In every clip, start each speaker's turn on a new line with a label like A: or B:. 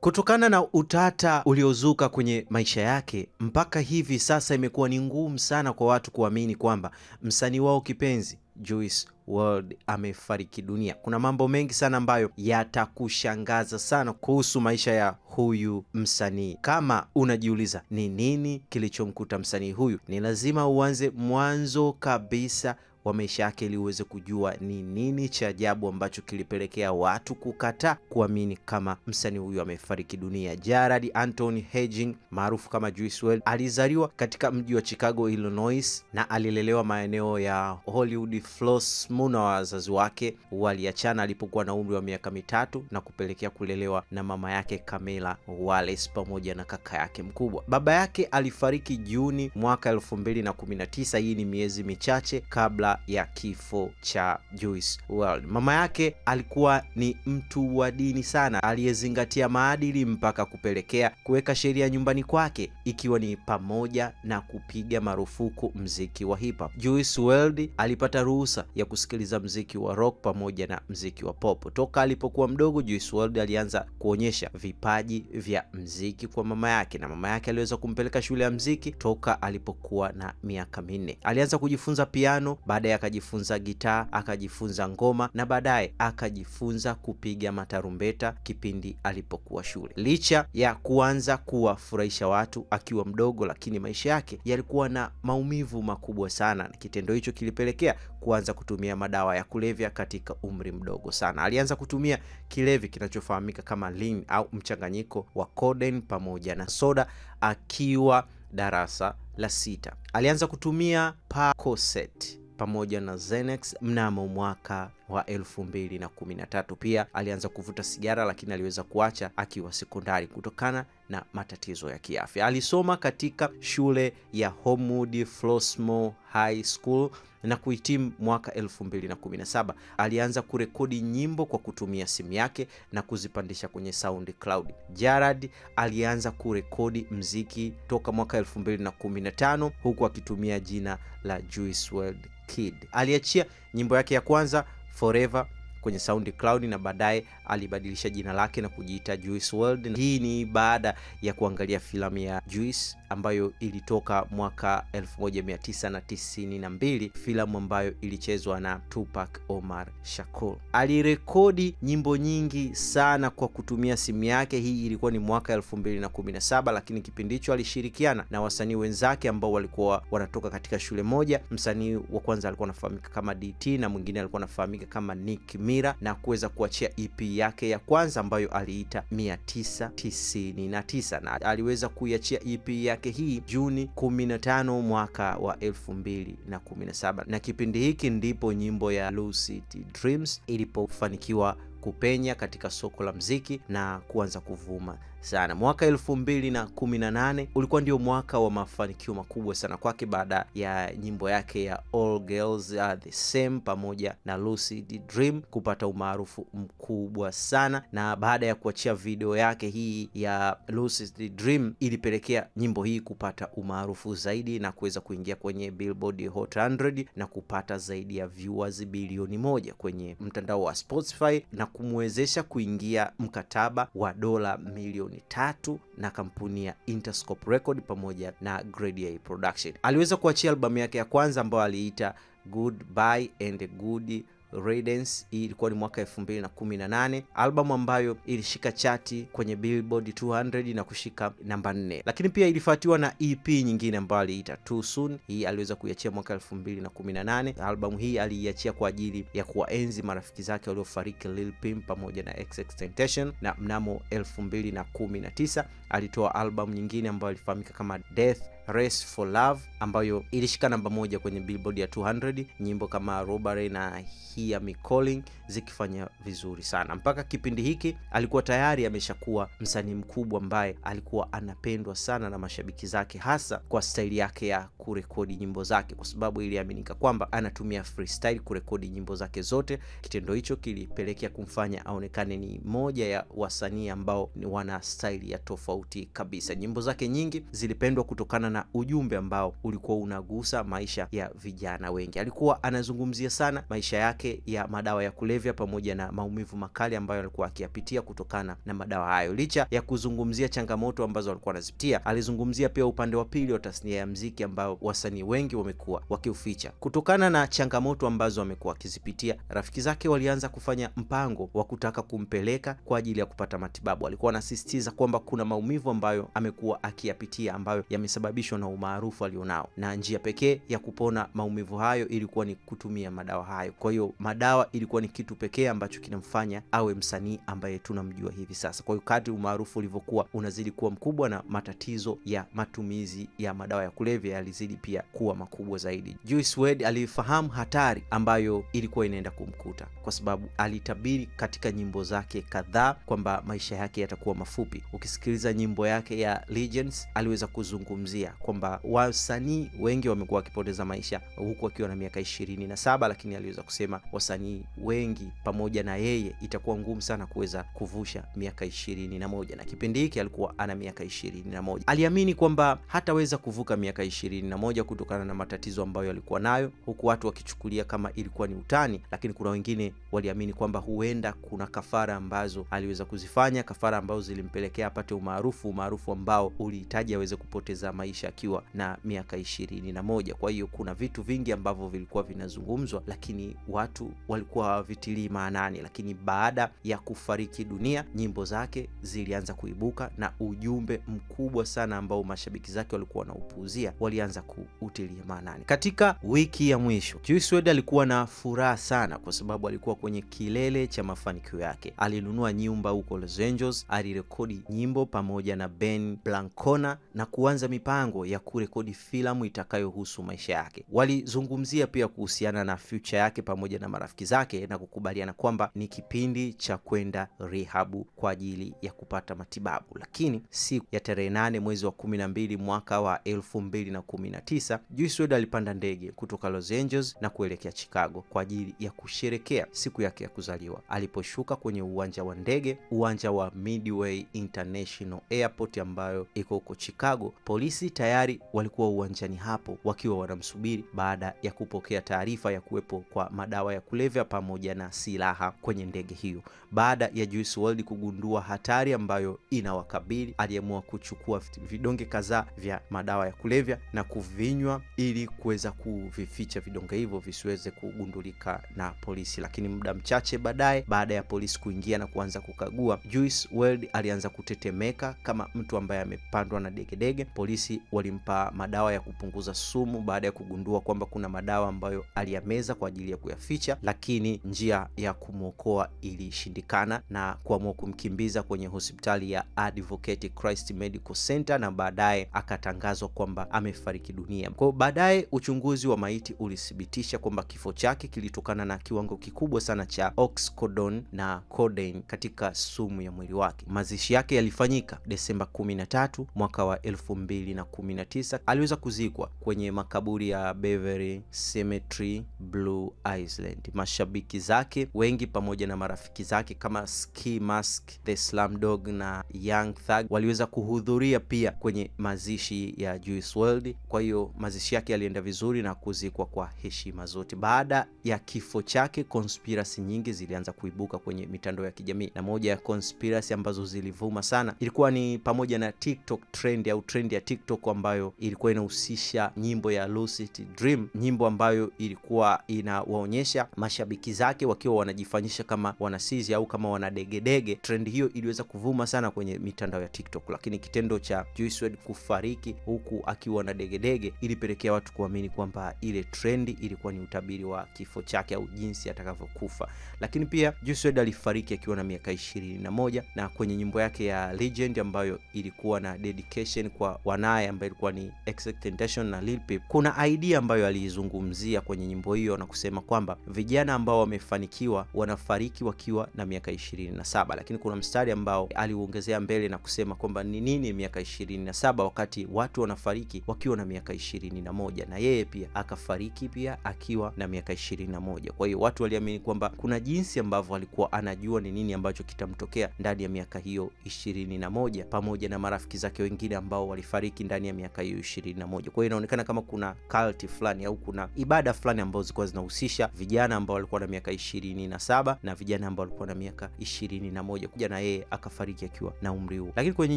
A: Kutokana na utata uliozuka kwenye maisha yake, mpaka hivi sasa imekuwa ni ngumu sana kwa watu kuamini kwamba msanii wao kipenzi Juice WRLD amefariki dunia. Kuna mambo mengi sana ambayo yatakushangaza sana kuhusu maisha ya huyu msanii. Kama unajiuliza ni nini kilichomkuta msanii huyu, ni lazima uanze mwanzo kabisa wa maisha yake ili uweze kujua ni nini cha ajabu ambacho kilipelekea watu kukataa kuamini kama msanii huyu amefariki dunia. Jared Anthony Hagin maarufu kama Juice WRLD alizaliwa katika mji wa Chicago, Illinois na alilelewa maeneo ya Hollywood Flossmoor wazazi wake waliachana alipokuwa na umri wa miaka mitatu na kupelekea kulelewa na mama yake Kamela Wallace pamoja na kaka yake mkubwa. Baba yake alifariki Juni mwaka elfu mbili na kumi na tisa. Hii ni miezi michache kabla kabla ya kifo cha Juice World. Mama yake alikuwa ni mtu wa dini sana, aliyezingatia maadili mpaka kupelekea kuweka sheria nyumbani kwake, ikiwa ni pamoja na kupiga marufuku mziki wa hip hop. Juice World alipata ruhusa ya kusikiliza mziki wa rock pamoja na mziki wa pop. Toka alipokuwa mdogo, Juice World alianza kuonyesha vipaji vya mziki kwa mama yake, na mama yake aliweza kumpeleka shule ya mziki toka alipokuwa na miaka minne. Alianza kujifunza piano baada baadaye akajifunza gitaa, akajifunza ngoma na baadaye akajifunza kupiga matarumbeta kipindi alipokuwa shule. Licha ya kuanza kuwafurahisha watu akiwa mdogo, lakini maisha yake yalikuwa na maumivu makubwa sana, na kitendo hicho kilipelekea kuanza kutumia madawa ya kulevya katika umri mdogo sana. Alianza kutumia kilevi kinachofahamika kama lean au mchanganyiko wa codeine pamoja na soda akiwa darasa la sita. Alianza kutumia Percocet pamoja na Zenex mnamo mwaka wa 2013. Pia alianza kuvuta sigara lakini aliweza kuacha akiwa sekondari kutokana na matatizo ya kiafya. Alisoma katika shule ya Homewood Flossmoor High School na kuhitimu mwaka 2017. Alianza kurekodi nyimbo kwa kutumia simu yake na kuzipandisha kwenye SoundCloud. Jarad alianza kurekodi mziki toka mwaka 2015 huku akitumia jina la Juice WRLD Kid. Aliachia nyimbo yake ya kwanza Forever kwenye SoundCloud na baadaye alibadilisha jina lake na kujiita Juice World. Hii ni baada ya kuangalia filamu ya Juice ambayo ilitoka mwaka 1992, filamu ambayo ilichezwa na Tupac Omar Shakur. Alirekodi nyimbo nyingi sana kwa kutumia simu yake. Hii ilikuwa ni mwaka 2017, lakini kipindi hicho alishirikiana na wasanii wenzake ambao walikuwa wanatoka katika shule moja. Msanii wa kwanza alikuwa anafahamika kama DT na mwingine alikuwa anafahamika kama Nick Mira na kuweza kuachia EP yake ya kwanza ambayo aliita 999 na aliweza kuiachia EP yake yake hii Juni 15 mwaka wa 2017, na kipindi hiki ndipo nyimbo ya Lucid Dreams ilipofanikiwa kupenya katika soko la mziki na kuanza kuvuma sana. Mwaka elfu mbili na kumi na nane ulikuwa ndio mwaka wa mafanikio makubwa sana kwake baada ya nyimbo yake ya All Girls Are The Same pamoja na Lucid Dream kupata umaarufu mkubwa sana, na baada ya kuachia video yake hii ya Lucid Dream ilipelekea nyimbo hii kupata umaarufu zaidi na kuweza kuingia kwenye Billboard Hot 100 na kupata zaidi ya viewers bilioni moja kwenye mtandao wa Spotify na kumwezesha kuingia mkataba wa dola milioni milioni tatu na kampuni ya Interscope Record pamoja na Grade A Production. Aliweza kuachia albamu yake ya kwanza ambayo aliita Goodbye and Good Radiance. Hii ilikuwa ni mwaka 2018, albamu ambayo ilishika chati kwenye Billboard 200 na kushika namba 4, lakini pia ilifuatiwa na EP nyingine ambayo aliita Too Soon. Hii aliweza kuiachia mwaka 2018. Albamu hii aliiachia kwa ajili ya kuwaenzi marafiki zake waliofariki Lil Pimp pamoja na XXXTentacion, na mnamo 2019 alitoa albamu nyingine ambayo alifahamika kama Death Race for Love ambayo ilishika namba moja kwenye Billboard ya 200, nyimbo kama Robbery na hia Me Calling zikifanya vizuri sana. Mpaka kipindi hiki alikuwa tayari ameshakuwa msanii mkubwa ambaye alikuwa anapendwa sana na mashabiki zake, hasa kwa staili yake ya kurekodi nyimbo zake, kwa sababu iliaminika kwamba anatumia freestyle kurekodi nyimbo zake zote. Kitendo hicho kilipelekea kumfanya aonekane ni moja ya wasanii ambao wana staili ya tofauti kabisa. Nyimbo zake nyingi zilipendwa kutokana na na ujumbe ambao ulikuwa unagusa maisha ya vijana wengi. Alikuwa anazungumzia sana maisha yake ya madawa ya kulevya pamoja na maumivu makali ambayo alikuwa akiyapitia kutokana na madawa hayo. Licha ya kuzungumzia changamoto ambazo alikuwa anazipitia, alizungumzia pia upande wa pili wa tasnia ya mziki ambao wasanii wengi wamekuwa wakiuficha. Kutokana na changamoto ambazo amekuwa akizipitia, rafiki zake walianza kufanya mpango wa kutaka kumpeleka kwa ajili ya kupata matibabu. Alikuwa anasisitiza kwamba kuna maumivu ambayo amekuwa akiyapitia ambayo yamesababisha kusababishwa na umaarufu alionao, na njia pekee ya kupona maumivu hayo ilikuwa ni kutumia madawa hayo. Kwa hiyo madawa ilikuwa ni kitu pekee ambacho kinamfanya awe msanii ambaye tunamjua hivi sasa. Kwa hiyo kadri umaarufu ulivyokuwa unazidi kuwa mkubwa, na matatizo ya matumizi ya madawa ya kulevya yalizidi pia kuwa makubwa zaidi. Juice WRLD alifahamu hatari ambayo ilikuwa inaenda kumkuta, kwa sababu alitabiri katika nyimbo zake kadhaa kwamba maisha yake yatakuwa mafupi. Ukisikiliza nyimbo yake ya Legends, aliweza kuzungumzia kwamba wasanii wengi wamekuwa wakipoteza maisha huku akiwa na miaka ishirini na saba, lakini aliweza kusema wasanii wengi pamoja na yeye itakuwa ngumu sana kuweza kuvusha miaka ishirini na moja na kipindi hiki alikuwa ana miaka ishirini na moja. Aliamini kwamba hataweza kuvuka miaka ishirini na moja kutokana na matatizo ambayo alikuwa nayo, huku watu wakichukulia kama ilikuwa ni utani, lakini kuna wengine waliamini kwamba huenda kuna kafara ambazo aliweza kuzifanya, kafara ambazo zilimpelekea apate umaarufu, umaarufu ambao ulihitaji aweze kupoteza maisha alianzisha akiwa na miaka ishirini na moja. Kwa hiyo kuna vitu vingi ambavyo vilikuwa vinazungumzwa, lakini watu walikuwa hawavitilii maanani. Lakini baada ya kufariki dunia, nyimbo zake zilianza kuibuka na ujumbe mkubwa sana ambao mashabiki zake walikuwa wanaupuuzia, walianza kuutilia maanani. Katika wiki ya mwisho, Juice WRLD alikuwa na furaha sana kwa sababu alikuwa kwenye kilele cha mafanikio yake. Alinunua nyumba huko Los Angeles, alirekodi nyimbo pamoja na Ben Blancona na kuanza mipango mipango ya kurekodi filamu itakayohusu maisha yake. Walizungumzia pia kuhusiana na future yake pamoja na marafiki zake na kukubaliana kwamba ni kipindi cha kwenda rehabu kwa ajili ya kupata matibabu. Lakini siku ya tarehe nane mwezi wa kumi na mbili mwaka wa elfu mbili na kumi na tisa Juice WRLD alipanda ndege kutoka Los Angeles na kuelekea Chicago kwa ajili ya kusherekea siku yake ya kuzaliwa. Aliposhuka kwenye uwanja wa ndege, uwanja wa Midway International Airport ambayo iko huko Chicago, polisi tayari walikuwa uwanjani hapo wakiwa wanamsubiri baada ya kupokea taarifa ya kuwepo kwa madawa ya kulevya pamoja na silaha kwenye ndege hiyo. Baada ya Juice WRLD kugundua hatari ambayo inawakabili, aliamua kuchukua vidonge kadhaa vya madawa ya kulevya na kuvinywa ili kuweza kuvificha vidonge hivyo visiweze kugundulika na polisi. Lakini muda mchache baadaye, baada ya polisi kuingia na kuanza kukagua, Juice WRLD alianza kutetemeka kama mtu ambaye amepandwa na degedege. Polisi walimpa madawa ya kupunguza sumu baada ya kugundua kwamba kuna madawa ambayo aliyameza kwa ajili ya kuyaficha, lakini njia ya kumwokoa ilishindikana na kuamua kumkimbiza kwenye hospitali ya Advocate Christ Medical Center na baadaye akatangazwa kwamba amefariki dunia. Kwa baadaye uchunguzi wa maiti ulithibitisha kwamba kifo chake kilitokana na kiwango kikubwa sana cha oxcodone na codeine katika sumu ya mwili wake. Mazishi yake yalifanyika Desemba 13 mwaka wa 2010. 19 aliweza kuzikwa kwenye makaburi ya Beverly Cemetery, Blue Island. Mashabiki zake wengi pamoja na marafiki zake kama Ski Mask, The Dog na Young Thug waliweza kuhudhuria pia kwenye mazishi ya Juice WRLD. Kwa hiyo mazishi yake yalienda vizuri na kuzikwa kwa heshima zote. Baada ya kifo chake, conspiracy nyingi zilianza kuibuka kwenye mitandao ya kijamii, na moja ya conspiracy ambazo zilivuma sana ilikuwa ni pamoja na TikTok trend au trend ya TikTok ambayo ilikuwa inahusisha nyimbo ya Lucid Dream, nyimbo ambayo ilikuwa inawaonyesha mashabiki zake wakiwa wanajifanyisha kama wanasizi au kama wanadegedege. Trend hiyo iliweza kuvuma sana kwenye mitandao ya TikTok, lakini kitendo cha Juice WRLD kufariki huku akiwa na degedege ilipelekea watu kuamini kwamba ile trendi ilikuwa ni utabiri wa kifo chake au jinsi atakavyokufa. Lakini pia Juice WRLD alifariki akiwa na miaka ishirini na moja na kwenye nyimbo yake ya Legend ambayo ilikuwa na dedication kwa wanaye ambayo ilikuwa ni Tentation na Lil Peep, kuna idea ambayo aliizungumzia kwenye nyimbo hiyo na kusema kwamba vijana ambao wamefanikiwa wanafariki wakiwa na miaka ishirini na saba, lakini kuna mstari ambao aliuongezea mbele na kusema kwamba ni nini miaka ishirini na saba wakati watu wanafariki wakiwa na miaka ishirini na moja na yeye pia akafariki pia akiwa na miaka ishirini na moja. Kwa hiyo watu waliamini kwamba kuna jinsi ambavyo alikuwa anajua ni nini ambacho kitamtokea ndani ya miaka hiyo ishirini na moja pamoja na marafiki zake wengine ambao walifariki ndani ya miaka hiyo 21 Kwa hiyo inaonekana kama kuna cult fulani au kuna ibada fulani ambazo zilikuwa zinahusisha vijana ambao walikuwa na miaka 27 na saba na vijana ambao walikuwa na miaka 21 moja kuja na yeye akafariki akiwa na umri huo. Lakini kwenye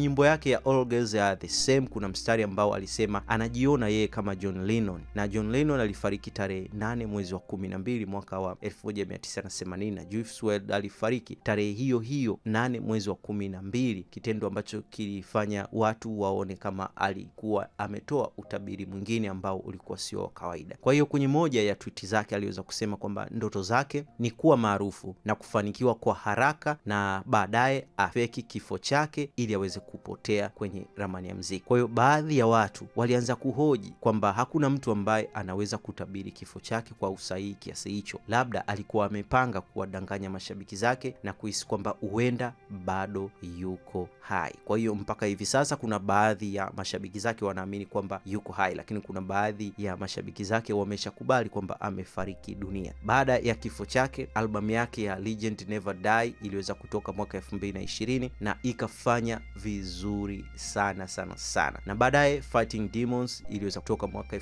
A: nyimbo yake ya All Girls Are The Same kuna mstari ambao alisema anajiona yeye kama John Lennon, na John Lennon alifariki tarehe nane mwezi wa kumi na mbili mwaka wa 1980 na Juice e alifariki tarehe hiyo hiyo nane mwezi wa kumi na mbili, kitendo ambacho kilifanya watu waone kama alikuwa alikuwa ametoa utabiri mwingine ambao ulikuwa sio wa kawaida. Kwa hiyo kwenye moja ya twiti zake aliweza kusema kwamba ndoto zake ni kuwa maarufu na kufanikiwa kwa haraka, na baadaye afeki kifo chake ili aweze kupotea kwenye ramani ya mziki. Kwa hiyo baadhi ya watu walianza kuhoji kwamba hakuna mtu ambaye anaweza kutabiri kifo chake kwa usahihi kiasi hicho, labda alikuwa amepanga kuwadanganya mashabiki zake na kuhisi kwamba huenda bado yuko hai. Kwa hiyo mpaka hivi sasa kuna baadhi ya mashabiki zake wanaamini kwamba yuko hai, lakini kuna baadhi ya mashabiki zake wameshakubali kwamba amefariki dunia. Baada ya kifo chake, albamu yake ya Legend Never Die iliweza kutoka mwaka 2020 na ikafanya vizuri sana sana sana, na baadaye Fighting Demons iliweza kutoka mwaka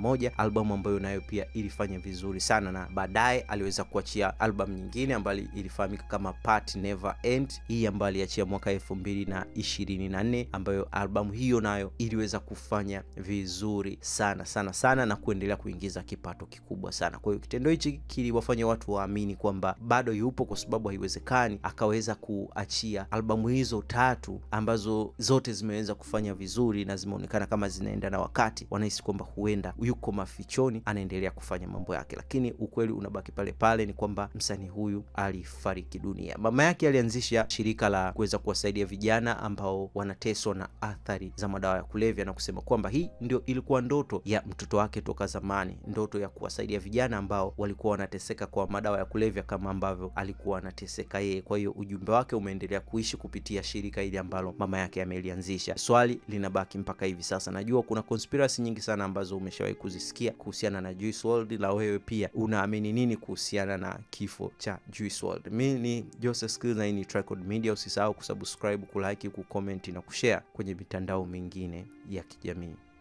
A: moja albamu ambayo nayo pia ilifanya vizuri sana, na baadaye aliweza kuachia albamu nyingine ambayo ilifahamika kama Part Never End, hii ambayo aliachia mwaka 2024 ambayo albamu hiyo na nayo iliweza kufanya vizuri sana sana sana na kuendelea kuingiza kipato kikubwa sana. Kwa hiyo kitendo hichi kiliwafanya watu waamini kwamba bado yupo, kwa sababu haiwezekani akaweza kuachia albamu hizo tatu ambazo zote zimeweza kufanya vizuri na zimeonekana kama zinaenda na wakati. Wanahisi kwamba huenda yuko mafichoni anaendelea kufanya mambo yake, lakini ukweli unabaki pale pale, ni kwamba msanii huyu alifariki dunia. Mama yake alianzisha shirika la kuweza kuwasaidia vijana ambao wanateswa na athari za madawa ya kulevya na kusema kwamba hii ndio ilikuwa ndoto ya mtoto wake toka zamani, ndoto ya kuwasaidia vijana ambao walikuwa wanateseka kwa madawa ya kulevya kama ambavyo alikuwa anateseka yeye. Kwa hiyo ujumbe wake umeendelea kuishi kupitia shirika hili ambalo mama yake amelianzisha. Swali linabaki mpaka hivi sasa, najua kuna conspiracy nyingi sana ambazo umeshawahi kuzisikia kuhusiana na Juice WRLD, la wewe pia unaamini nini kuhusiana na kifo cha Juice WRLD? Mimi ni Joseph Skills na hii ni Tricord Media. Usisahau kusubscribe, kulike, kucomment na kushare kwenye mitandao mingi mengine ya kijamii.